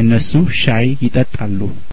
እነሱ ሻይ ይጠጣሉ